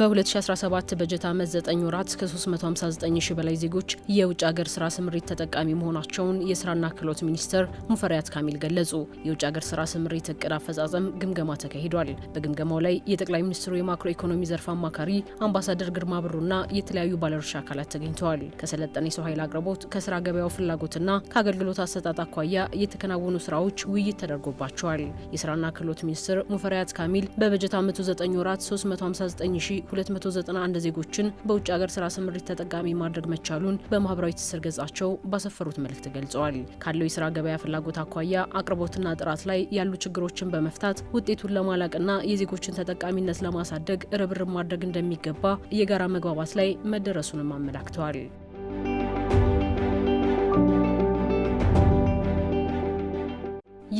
በ2017 በጀት ዓመት 9 ወራት ከ359 ሺ በላይ ዜጎች የውጭ ሀገር ስራ ስምሪት ተጠቃሚ መሆናቸውን የስራና ክህሎት ሚኒስትር ሙፈሪያት ካሚል ገለጹ። የውጭ ሀገር ስራ ስምሪት እቅድ አፈጻጸም ግምገማ ተካሂዷል። በግምገማው ላይ የጠቅላይ ሚኒስትሩ የማክሮ ኢኮኖሚ ዘርፍ አማካሪ አምባሳደር ግርማ ብሩና የተለያዩ ባለድርሻ አካላት ተገኝተዋል። ከሰለጠነ የሰው ኃይል አቅርቦት፣ ከስራ ገበያው ፍላጎትና ከአገልግሎት አሰጣጥ አኳያ የተከናወኑ ስራዎች ውይይት ተደርጎባቸዋል። የስራና ክህሎት ሚኒስትር ሙፈሪያት ካሚል በበጀት ዓመቱ 9 ወራት 359 291 ዜጎችን በውጭ ሀገር ስራ ስምሪት ተጠቃሚ ማድረግ መቻሉን በማህበራዊ ትስስር ገጻቸው ባሰፈሩት መልእክት ገልጸዋል። ካለው የስራ ገበያ ፍላጎት አኳያ አቅርቦትና ጥራት ላይ ያሉ ችግሮችን በመፍታት ውጤቱን ለማላቅና የዜጎችን ተጠቃሚነት ለማሳደግ ርብርብ ማድረግ እንደሚገባ የጋራ መግባባት ላይ መደረሱንም አመላክተዋል።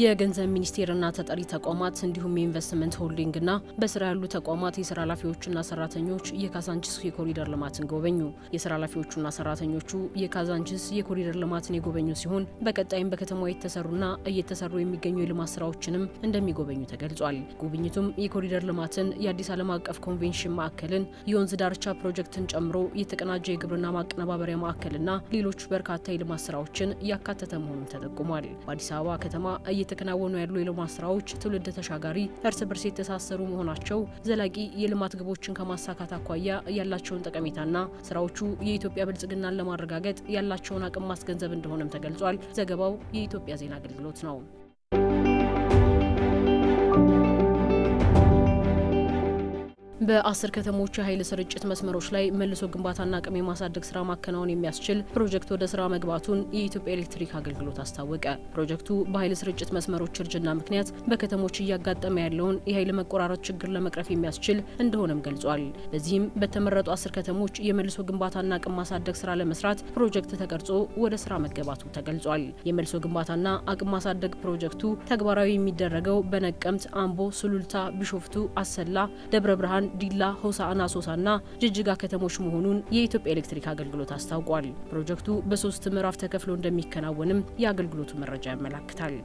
የገንዘብ ሚኒስቴርና ተጠሪ ተቋማት እንዲሁም የኢንቨስትመንት ሆልዲንግና በስራ ያሉ ተቋማት የስራ ኃላፊዎችና ሰራተኞች የካዛንችስ የኮሪደር ልማትን ጎበኙ። የስራ ኃላፊዎቹና ሰራተኞቹ የካዛንችስ የኮሪደር ልማትን የጎበኙ ሲሆን በቀጣይም በከተማዋ የተሰሩና እየተሰሩ የሚገኙ የልማት ስራዎችንም እንደሚጎበኙ ተገልጿል። ጉብኝቱም የኮሪደር ልማትን፣ የአዲስ ዓለም አቀፍ ኮንቬንሽን ማዕከልን፣ የወንዝ ዳርቻ ፕሮጀክትን ጨምሮ የተቀናጀ የግብርና ማቀነባበሪያ ማዕከልና ሌሎች በርካታ የልማት ስራዎችን ያካተተ መሆኑን ተጠቁሟል። በአዲስ አበባ ከተማ እየተከናወኑ ያሉ የልማት ስራዎች ትውልድ ተሻጋሪ፣ እርስ በርስ የተሳሰሩ መሆናቸው ዘላቂ የልማት ግቦችን ከማሳካት አኳያ ያላቸውን ጠቀሜታና ስራዎቹ የኢትዮጵያ ብልጽግናን ለማረጋገጥ ያላቸውን አቅም ማስገንዘብ እንደሆነም ተገልጿል። ዘገባው የኢትዮጵያ ዜና አገልግሎት ነው። በአስር ከተሞች የኃይል ስርጭት መስመሮች ላይ መልሶ ግንባታና አቅም የማሳደግ ስራ ማከናወን የሚያስችል ፕሮጀክት ወደ ስራ መግባቱን የኢትዮጵያ ኤሌክትሪክ አገልግሎት አስታወቀ። ፕሮጀክቱ በኃይል ስርጭት መስመሮች እርጅና ምክንያት በከተሞች እያጋጠመ ያለውን የኃይል መቆራረጥ ችግር ለመቅረፍ የሚያስችል እንደሆነም ገልጿል። በዚህም በተመረጡ አስር ከተሞች የመልሶ ግንባታና አቅም ማሳደግ ስራ ለመስራት ፕሮጀክት ተቀርጾ ወደ ስራ መገባቱ ተገልጿል። የመልሶ ግንባታና አቅም ማሳደግ ፕሮጀክቱ ተግባራዊ የሚደረገው በነቀምት፣ አምቦ፣ ሱሉልታ፣ ቢሾፍቱ፣ አሰላ፣ ደብረ ብርሃን ዲላ፣ ሆሳዕና ሶሳና ጅጅጋ ከተሞች መሆኑን የኢትዮጵያ ኤሌክትሪክ አገልግሎት አስታውቋል። ፕሮጀክቱ በሶስት ምዕራፍ ተከፍሎ እንደሚከናወንም የአገልግሎቱ መረጃ ያመላክታል።